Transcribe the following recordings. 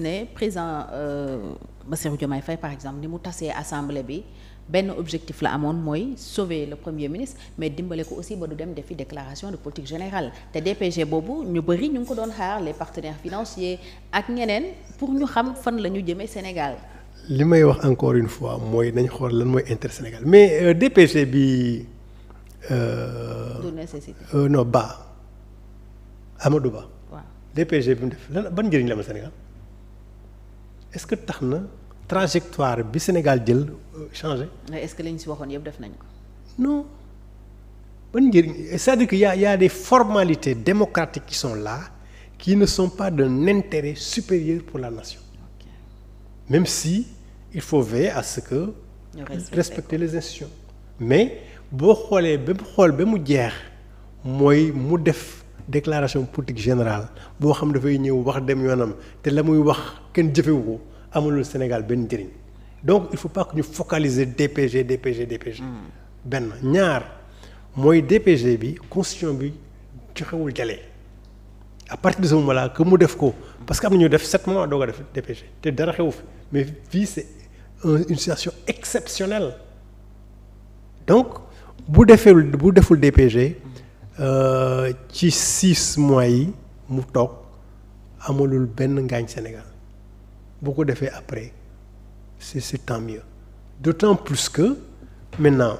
ne président euh, Bassirou Diomaye fay par exemple ni mu tasee assemblée bi benn objectif la amoon mooy sauver la premier ministre mais dimbale ko aussi ba du dem defi déclaration de politique générale te DPG boobu ñu bëri ñu ngi ko doon xaar les partenaires financiers ak ñeneen pour ñu xam fan la ñu jëmee Sénégal. li may wax encore une fois mooy nañ xool lan mooy intérêt Sénégal mais euh, DPG bi. Euh, du nécessité. no Ba Amadou Ba. waaw DPG bi mu def lan ban njëriñ la est-ce que tax na trajectoire bi Sénégal jël euh, changé. est-ce que li si waxoon yëpp def nañ ko. non ban njëriñ cest dire que y a y a des formalités démocratiques qui sont là qui ne sont pas d'un intérêt supérieur pour la nation. Okay. même si il faut veiller à ce que. respecter les institutions. mais boo xoolee ba mu xool ba mu jeex mooy mu def. déclaration politique général boo xam dafay ñëw wax dem yoonam te la muy wax kenn jëfewu ko amalul Sénégal benn njëriñ donc il faut pas ñu focaliser DPG DPG DPG. Hmm. benn ñaar mooy DPG bi constitution bi joxewul jale à partir de ce moment là que mu def ko parce que am na ñu def sept mois doo ko def DPG te dara xewu fi mais fii c'est une situation exceptionnelle donc bu defee bu deful DPG. Euh, ci six mois yi mu toog amalul benn ngaañ Sénégal bu ko defee après c'est c'est tant de temps plus que maintenant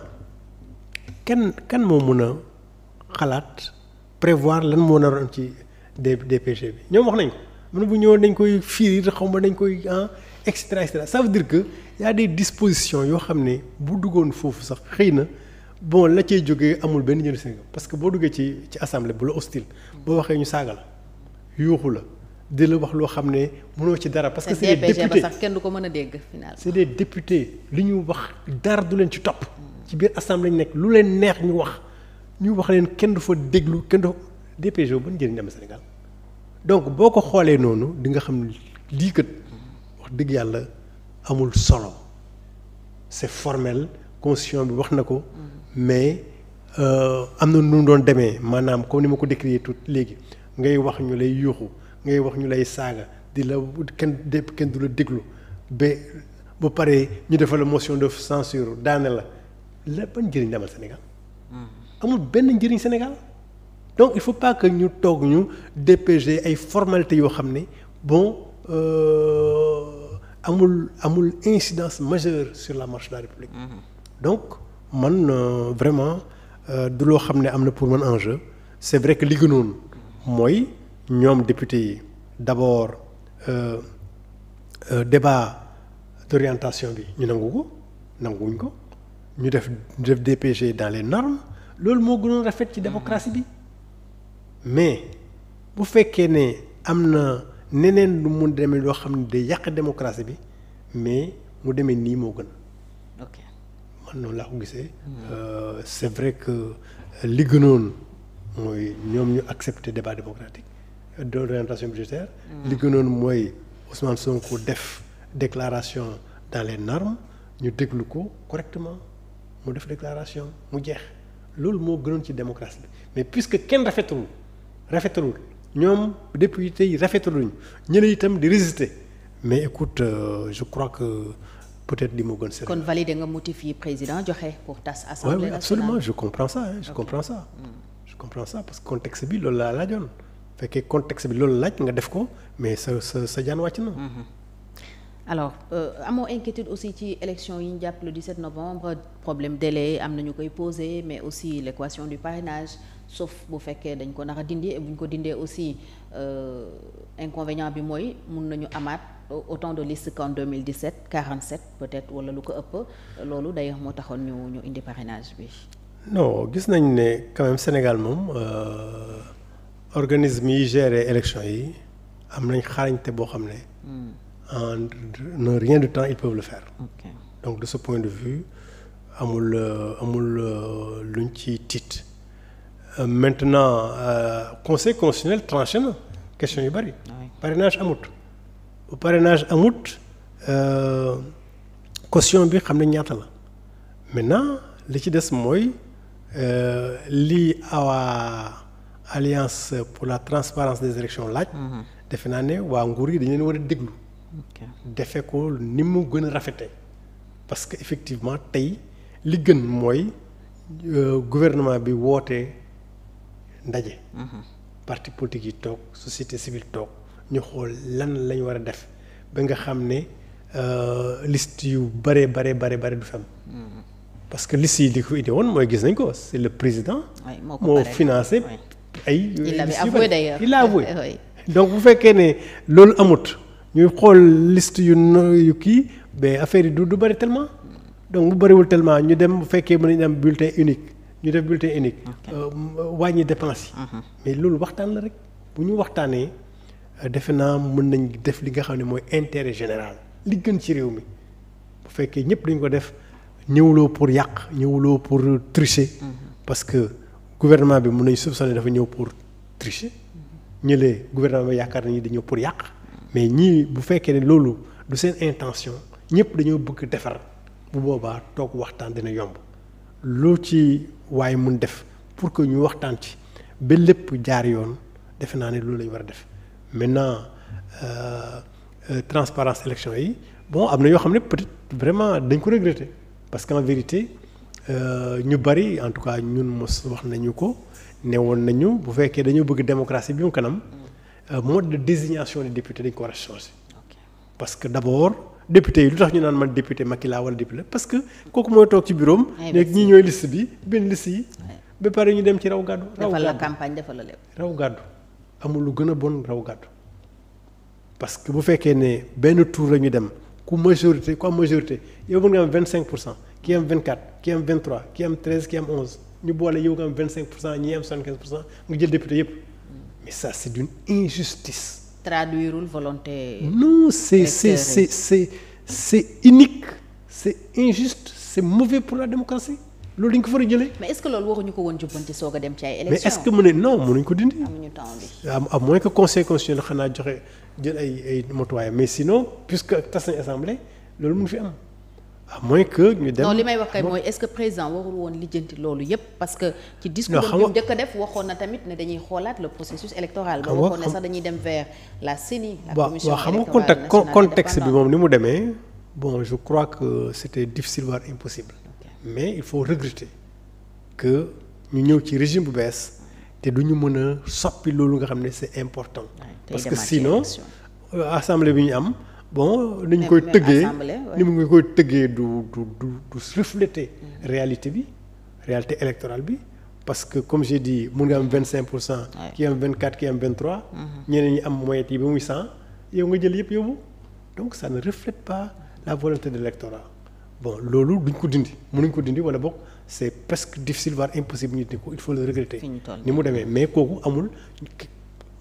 kenn kan moo mën a xalaat prévoir lan moo naroon ci DPG bi ñoom wax nañ ko bu ñëwoon dañ koy firir xaw ma dañ koy ah extra extra ça veut dire que y a des dispositions yoo xam ne bu duggoon foofu sax xëy na boo la cay jógee amul benn njëriñ Sénégal parce que boo duggee ci ci assemblée bu la hostile boo waxee ñu saaga la yuuxu la di la wax loo xam ne mënoo ci dara. parce que c'est des députés kenn ko mën a dégg finalement. c'est des députés li ñu wax dara du leen ci topp. ci biir assemblée ñu nekk lu leen neex ñu wax ñu wax leen kenn du fa déglu kenn du DPG ban njëriñ la am Sénégal donc boo ko xoolee noonu di nga xam lii kat wax dëgg yàlla amul solo c'est formel constitution bi wax na ko. Mm-hmm. mais euh, am na nu doon demee maanaam comme ni ma ko décrire tout léegi ngay wax ñu lay yuuxu ngay wax ñu lay saaga di la kenn dépp kenn du la déglu ba bu pare ñu defal la motion de censure daane la la ban njëriñ la amal Sénégal. Hmm. amul benn njëriñ Sénégal. donc il faut pas que ñu toog ñu DPG ay formalité yoo xam ne bon euh, amul amul incidence majeure sur la marche de la République. Mmh. donc. man euh, vraiment euh, du loo xam ne am na pour man enjeu c'est vrai que li gënoon mooy ñoom député yi d'abord euh, euh, débat d'orientation bi ñu nangu ko nanguwuñ ko ñu def def DPG dans les normes loolu moo gënoon rafet ci démocratie bi mais bu fekkee ne am na neneen lu mu demee loo xam ne day yàq démocratie bi mais mu demee nii moo gën. man noonu laa ko gisee. Euh, c' est vrai que li gënoon mooy ñoom ñu accepte débat démocratique d' orientation budgétaire. Mm. li gënoon mooy Ousmane ko def déclaration dans les normes ñu déglu ko correctement mu def déclaration mu jeex loolu moo gënoon ci démocratie bi mais puisque kenn rafetul rafetul ñoom député yi rafetuluñu ñeneen itam di résister mais écoute euh, je crois que. peut-être li moo gën sérieux. kon valider nga motif yi président joxe pour tas assemblée nationale. je comprends ça mm. je comprends ça. je contexte bi loolu laa laajoon bu fekkee contexte bi loolu laaj nga def ko mais sa sa jaan wàcc na. Mm-hmm. alors euh, amoo inquiétude aussi ci élection yi ñu jàpp le 17 novembre problème délai am nañu koy posé mais aussi l'équation du parrainage sauf bu fekkee dañ ko nar a dindi et bu ko dindee aussi euh, inconvénient bi mooy mun nañu amaat. autant de listes qu'en 2017 47 peut-être wala lu ko ëpp loolu d'ailleurs moo taxoon ñu ñu indi parrainage bi. non gis nañ ne quand Sénégal moom euh, organisme yi gérer élection yi am nañ xarañte boo xam ne. Hmm. en en rien de temps ils peuvent le fair donc de ce point de vue amul euh, amul euh, luñ ci tiit. Euh, maintenant euh, conseil constitutionnel tranché question yu bari. parrainage amut. parenage amut euh, caution bi xam ne ñaata la maintenant li ci des mooy euh, lii awaa alliance pour la transparence des élections laaj mhm. defe naa ne waa nguur yi dañu leen war a déglu defe ko ni mu gën a rafetee parce que effectivement tey li gën mooy euh, gouvernement bi woote ndaje mhm. parti politique yi toog société civile toog ñu xool lan lañ war a def ba nga xam ne euh, liste yu bare bare bare bare du fi parce que liste yi li ko woon mooy gis nañ ko c'est le président moo financé ay liste yu bare il l'a avoué donc bu fekkee ne loolu amut ñuy xool liste yu kii mais affaire yi du du bëri tellement donc bu bëriwul tellement ñu dem bu fekkee mën nañu am bulletin unique ñu def bulletin unique euh, wàññi dépense yi mhm. mais loolu waxtaan la rek bu ñu waxtaanee defe naa mën nañ def li nga xam ne mooy intérêt général li gën ci réew mi bu fekkee ñëpp dañ ko def ñëwuloo pour yàq ñëwuloo pour tricher. Mm-hmm. parce que gouvernement bi mun nañ soupçonner dafa ñëw pour tricher mm-hmm. ñëlee gouvernement bi yaakaar nañu dañoo pour yàq mais ñii bu fekkee ne loolu du seen intention ñëpp dañoo bëgg defar bu boobaa toog waxtaan dina yomb loo ci waaye mun def pour que ñu waxtaan ci ba lépp jaar yoon defe naa ne loolu lañ war a def. maintenant euh, euh, transparence élection yi bon am na yoo xam ne peut-être vraiment dañ ko regretter parce qu'en vérité euh, ñu bari en tout cas ñun mos wax nañu ko ne woon nañu bu fekkee dañu bëgg démocratie bi mu kanam mode de désignation des députés dañ ko war a changer parce que d'abord député yi lu tax ñu naan man député Macky laa wala député parce que kooku mooy toog ci bureau am. nekk ñii ñooy liste bi benn liste yi. ba pare ñu dem ci raw gàddu. raw gàddu defal la campagne defal la lépp raw gàddu. amul lu gën a bon raw gàddu parce que bu fekkee ne benn tour la ñu dem ku majorité ku am majorité yow mën nga am vingt cinq pour cent kii am vingt quatre kii am vingt trois kii am onze ñu boole yow nga am vingt cinq pour cent ñii am soixante nga jël député yëpp mais ça c' est d' une injustice. traduirul volonté. non c' est c' est c' est c' mauvais pour la démocratie. loolu dañ ko far a jëlee. mais est-ce que loolu waxuñu ko woon jubbanti soog a dem ci ay. élections mais est-ce que mu ne non mënuñ ko dindi. que conseil constitutionnel mais sinon fi am. à moins que ñu dem non li may wax kay mooy est-ce que président warul woon lijjanti loolu yëpp parce que. ci discours bi mu njëkk a def waxoon na tamit ne dañuy xoolaat le processus électoral. ba waxoon ne sax dañuy dem vers la CENI. la commission électorale nationale waaw xam nga contexte bi moom ni mu demee bon je crois que c'était difficile voire impossible. mais il faut regretter que ñu ñëw ci régime bu bees te du ñu mën a soppi loolu nga xam ne c'est important. parce que sinon euh, assemblée bi ñu am bon ni ñu koy tëggee ni mu ngi koy tëggee du du du du mm. réalité bi réalité électorale bi parce que comme j'ai di mun ngi am vingt cinq pour cent kii am vingt quatre kii am vingt trois mm-hmm. ñeneen ñi am moyenne yi ba muy cent yow nga jël yëpp yóbbu donc ça ne reflète pas la volonté de l'électorat bon loolu duñ ko dindi mënuñ ko dindi wala boog c' est presque difficile voire impossible ñu dindi ko il faut le regretter. ni mu demee mais kooku amul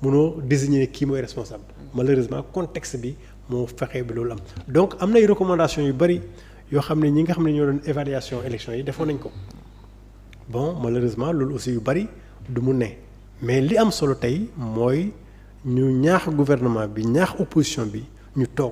mënoo désigner kii mooy responsable. Mm. malheureusement contexte bi moo fexee bi loolu am. donc am nay recommandations yu bëri yoo xam ne ñi nga xam ne ñoo doon évaluation élection yi defoon nañ ko bon malheureusement loolu aussi yu bëri du mu ne mais li am solo tey mooy ñu ñaax gouvernement bi ñaax opposition bi